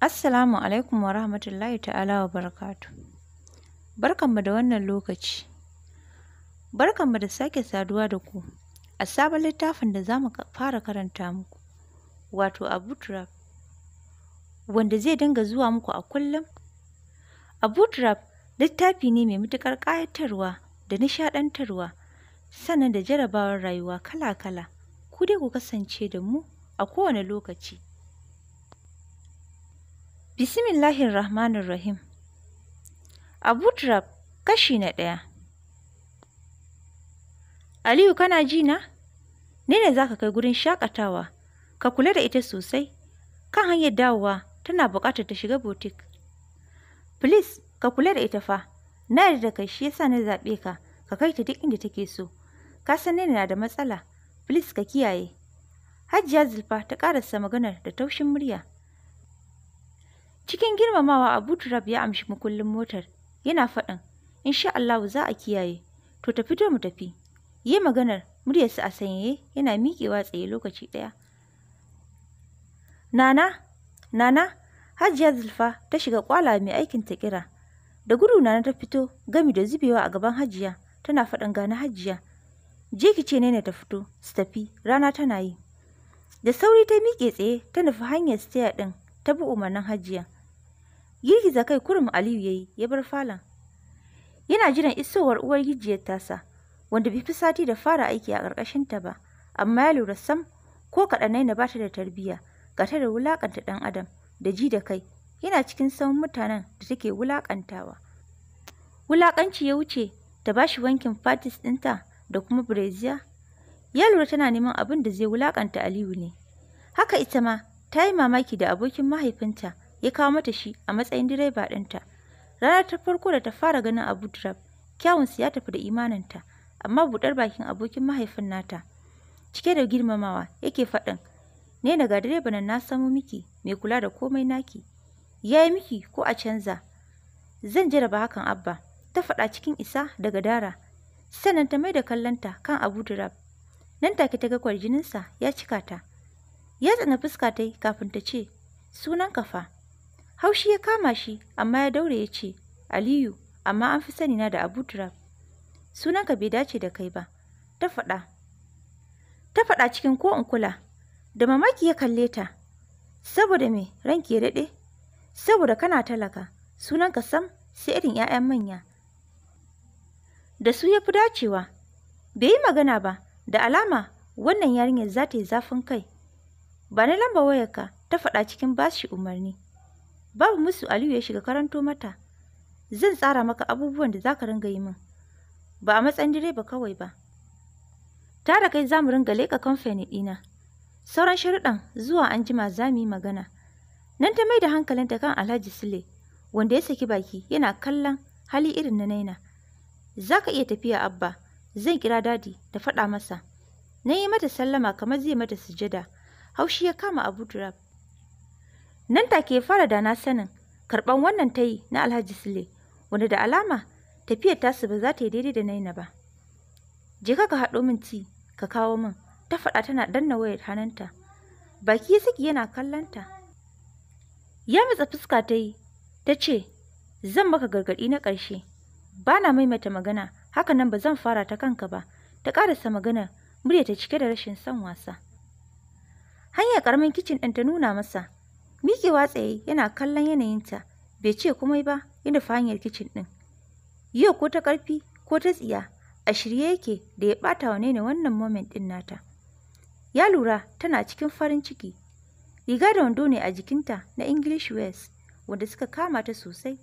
Assalamu alaikum wa rahmatullahi ta'ala wa barakatu. Barkanmu da wannan lokaci. Barkanmu da sake saduwa da ku a sabon littafin da za mu fara karanta muku, wato Abutrap, wanda zai dinga zuwa muku a kullum. Abutrap littafi ne mai matuƙar ƙayatarwa da nishaɗantarwa, sannan da jarabawar rayuwa kala-kala. Ku dai ku kasance da mu a kowane lokaci. Bismillahir Rahmanir Rahim. Abu Turab, kashi na ɗaya. Aliyu kana ji na? Ne ne za kai gurin shakatawa, ka kula da ita sosai, kan hanyar dawowa tana buƙatar ta shiga botik. Please, ka kula da ita fa, na yarda da kai shi yasa na zaɓe ka, ka kai ta duk inda take so. Ka san ne na da matsala, please ka kiyaye. Hajiya Zulfa ta ƙarasa maganar da taushin murya. Cikin girmamawa a Turab ya amshi makullin motar, yana faɗin, "Insha Allah za a kiyaye, to tafi to mu tafi." Yi maganar, muryarsa a sanyaye, yana miƙewa tsaye lokaci ɗaya. Nana, Nana, Hajiya Zulfa ta shiga kwala mai aikin ta kira. Da gudu Nana ta fito, gami da zubewa a gaban Hajiya, tana faɗin gani Hajiya. Je ki ce ne ta fito, su tafi, rana tana yi. Da sauri ta miƙe tsaye, ta nufi hanyar staya ɗin, ta bi umarnin Hajiya. girgiza kai kurum aliyu ya yi ya bar falon yana jiran isowar uwar gijiyar tasa wanda bai fi sati da fara aiki a ƙarƙashinta ba amma ya lura sam ko kaɗanai na bata da tarbiyya ga ta da wulaƙanta ɗan adam da ji da kai yana cikin sauran mutanen da take wulaƙantawa wulaƙanci ya wuce ta shi wankin fatis ɗinta da kuma breziya ya lura tana neman abin da zai wulaƙanta aliyu ne haka ita ma ta yi mamaki da abokin mahaifinta ya kawo mata shi a matsayin direba ɗinta. Ranar ta farko da ta fara ganin Abu Drab, kyawunsa ya tafi da imaninta, amma buɗar bakin abokin mahaifin nata. Cike da girmamawa yake faɗin, ne daga direba nan na samo miki mai kula da komai naki. Ya yi miki ko a canza. Zan jaraba hakan Abba, ta faɗa cikin isa daga dara. Sannan ta mai da kallonta kan Abu Drab. Nan take ta ga kwarjininsa ya cika ta. Ya tsana fuska ta kafin ta ce, sunan kafa. Haushi ya kama shi amma ya daure ya ce, Aliyu, amma an fi sanina da Abu Turab. Sunanka bai dace da kai ba, ta faɗa. Ta faɗa cikin ko in kula, da mamaki ya kalle ta, saboda me ranki ya daɗe, saboda kana talaka, sunanka sam sai irin ‘ya'yan manya. Da su ya fi dacewa, bai yi magana ba, da alama wannan yarinyar za ta yi zafin kai. Ba na lamba wayarka ta faɗa cikin bashi umarni. Babu musu Aliyu ya shiga karanto mata. Zan tsara maka abubuwan da za ka ringa yi min. Ba a matsayin direba kawai ba. Ta kai za mu ringa leƙa kamfani ɗina. Sauran sharuɗan zuwa an jima za mu yi magana. Nan ta mai da hankalinta kan Alhaji Sule, wanda ya saki baki yana kallon hali irin na Naina. Za ka iya tafiya Abba, zan kira dadi da faɗa masa. Na yi mata sallama kamar zai mata sujada. Haushi ya kama Abu Turab. nan take fara da na sanin karban wannan ta yi na Alhaji Sule wanda da alama tafiyar tasu ba za ta yi daidai da Naina ba. Je ka ka haɗo min ci ka kawo min ta faɗa tana danna wayar hannunta. Baki ya saki yana kallonta. Ya matsa fuska ta yi ta ce zan maka gargaɗi na ƙarshe ba na maimaita magana haka nan ba zan fara ta kanka ba ta ƙarasa magana murya ta cike da rashin son wasa. Hanyar ƙaramin kicin ɗin ta nuna masa mikewa tsaye yana kallon yanayinta, bai ce komai ba ya nufi kicin ɗin. Yau ko ta ƙarfi ko ta tsiya, a shirye yake da ya ɓata wa Nene wannan moment ɗin nata. Ya lura tana cikin farin ciki. Riga da wando ne a jikinta na English West wanda suka kama ta sosai.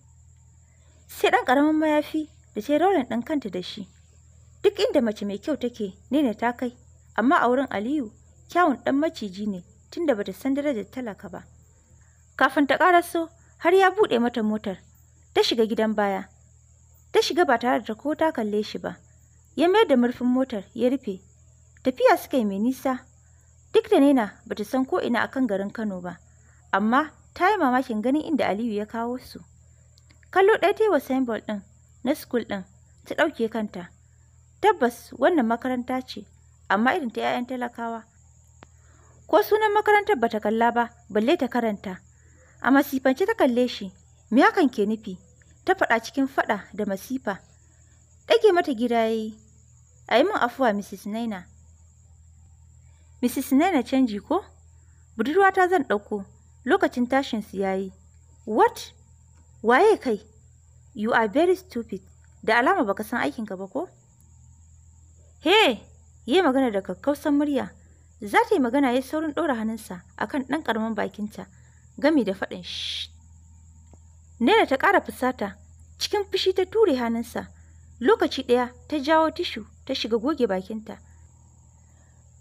Sai ɗan ƙaramin mayafi da ta rolin ɗan kanta da shi. Duk inda mace mai kyau take, Nene ta kai, amma a wurin Aliyu, kyawun ɗan maciji ne tunda bata san darajar talaka ba. kafin ta so har ya buɗe mata motar ta shiga gidan baya ta shiga ba tare da ko ta kalle shi ba ya mayar da murfin motar ya rufe tafiya suka yi mai nisa duk da nena ba ta san ko'ina a kan garin kano ba amma ta yi mamakin ganin inda aliyu ya kawo su kallo ɗaya ta yi wa symbol ɗin na school ɗin ta ɗauke kanta tabbas wannan makaranta ce amma irin ta 'ya'yan talakawa ko sunan makarantar ba ta kalla ba balle ta karanta A masifance ta kalle shi, me hakan ke nufi? Ta faɗa cikin faɗa da masifa. Ɗage mata gida ya yi, a yi min afuwa Mrs. Naina. Mrs. Naina canji ko? Budurwata zan ɗauko, lokacin tashinsu ya yi. What? Waye kai? You are very stupid. Da alama baka san aikinka ba ko? He! Yi magana da kakkausan murya. Za ta yi magana ya saurin ɗora hannunsa akan ɗan ƙaramin bakinta. gami da faɗin shi. Naira ta ƙara fusata, cikin fushi ta ture hannunsa, lokaci ɗaya ta jawo tishu ta shiga goge bakinta.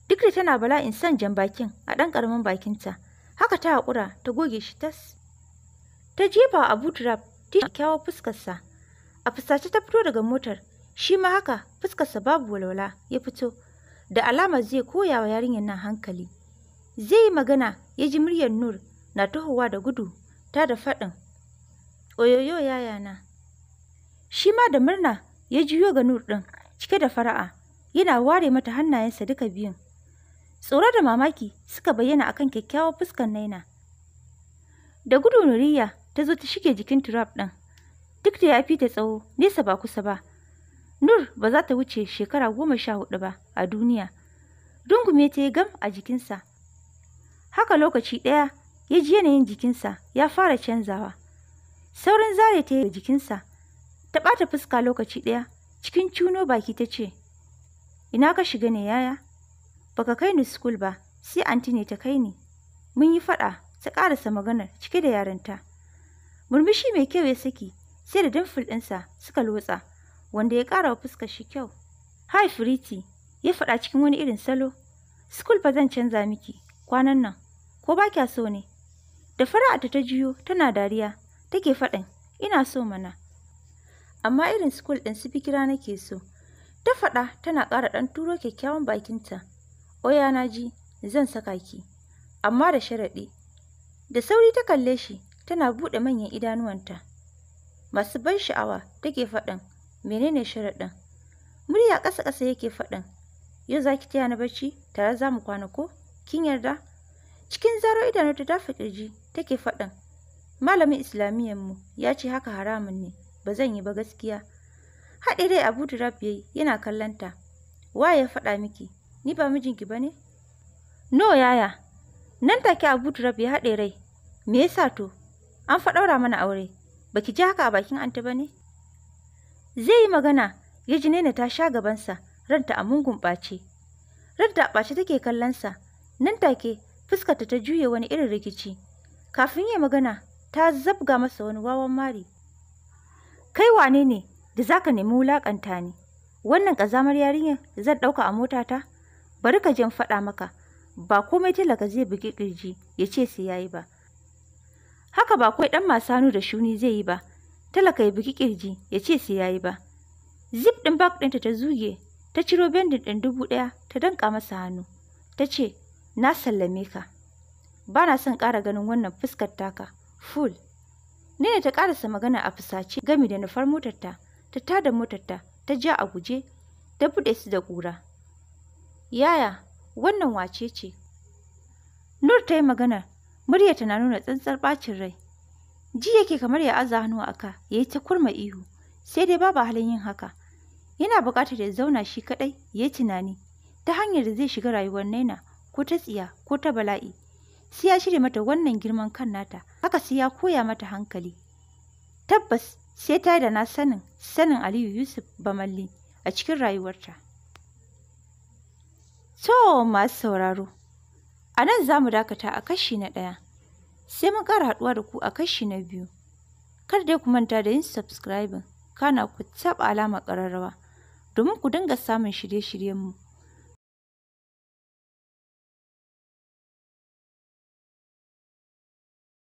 Duk da tana bala in san jan bakin a ɗan ƙaramin bakinta, haka ta haƙura ta goge shi tas. Ta jefa a buturaf tishin kyawar fuskarsa. A fusace ta fito daga motar, shi ma haka fuskarsa babu walwala ya fito. Da alama zai koya wa yarinyar nan hankali. Zai yi magana ya ji muryar Nur na tuhuwa da gudu ta da faɗin oyoyo na. shi ma da murna ya juyo ga nur ɗin cike da fara'a yana ware mata hannayensa duka biyun tsoro da mamaki suka bayyana akan kyakkyawar fuskan naina da gudu nuriya ta zo ta shige jikin turab ɗin duk da ya fi ta tsawo nesa ba kusa ba nur ba za ta wuce shekara goma sha hudu ba a duniya dungume ta yi gam a jikinsa haka lokaci ɗaya ya ji yanayin jikinsa ya fara canzawa. Saurin zare ta yi jikinsa, ta ɓata fuska lokaci ɗaya, cikin cuno baki ta ce, Ina ka shiga ne yaya? Baka kai ni skul ba, sai anti ne ta kai ni. Mun yi faɗa, ta ƙarasa maganar cike da yarinta. Murmushi mai kyau ya saki, sai da dimfil ɗinsa suka lotsa, wanda ya ƙara wa fuskar shi kyau. Hai Firiti, ya faɗa cikin wani irin salo, skul ba zan canza miki kwanan nan, ko ba kya so ne? Da fara'ata ta jiyo tana dariya, take faɗin, ina so mana. Amma irin school ɗin su fikira ke so. Ta faɗa tana ƙara ɗan turo kyakkyawan bakinta. Oya na ji, zan saka ki. Amma da sharaɗi. Da sauri ta kalle shi, tana buɗe manyan idanuwanta. Masu ban sha'awa take faɗin, menene sharaɗin? Murya ƙasa-ƙasa yake faɗin, yau za ki taya ni bacci, tare za mu kwana ko? Kin yarda? Cikin zaro idanu ta dafa ƙirji, take faɗin malamin islamiyyan mu ya ce haka haramun ne ba zan yi ba gaskiya haɗe dai abu turab yayi yana kallanta Wa ya faɗa miki ni ba mijinki ba ne no yaya nan take abu turab ya haɗe rai me yasa to an fa mana aure baki ji haka a bakin anta ba ne zai yi magana ya ji nena ta sha gabansa ranta a mungun ɓace a ɓace take sa, nan take fuskarta ta juye wani irin rikici kafin ya magana ta zabga masa wani wawan mari kai wane ne da ka nemi wulaƙanta ne? wannan ƙazamar yarinyar zan ɗauka a motata bari ka jin faɗa maka ba komai talaka zai bugi ƙirji ya ce sai yayi ba haka ba kwai ɗan masu hannu da shuni zai yi ba talaka ya bugi ƙirji ya ce sai yayi ba zip ɗin bak ɗinta ta zuge ta ciro bendin ɗin dubu ɗaya ta danƙa masa hannu ta ce na sallame ka ba na son ƙara ganin wannan fuskar taka ful ne ta ƙarasa magana a fusace gami da nufar motarta ta tada motarta ta ja a guje ta buɗe su da ƙura yaya wannan wace ce nur ta yi magana murya tana nuna tsantsar ɓacin rai ji yake kamar ya aza hannu aka ka ya yi ta kurma ihu sai dai babu halin yin haka yana buƙatar ya zauna shi kaɗai ya yi tunani ta hanyar da zai shiga rayuwar naina ko ta tsiya ko ta bala'i sai ya shirya mata wannan girman kan nata haka sai ya koya mata hankali tabbas sai ta da na sanin sanin aliyu yusuf bamalli a cikin rayuwarta to masu sauraro a nan za mu dakata a kashi na ɗaya sai mun ƙara haɗuwa da ku a kashi na biyu kar dai ku manta da yin subscribing kana ku taɓa alama ƙararrawa domin ku dinga samun shirye-shiryenmu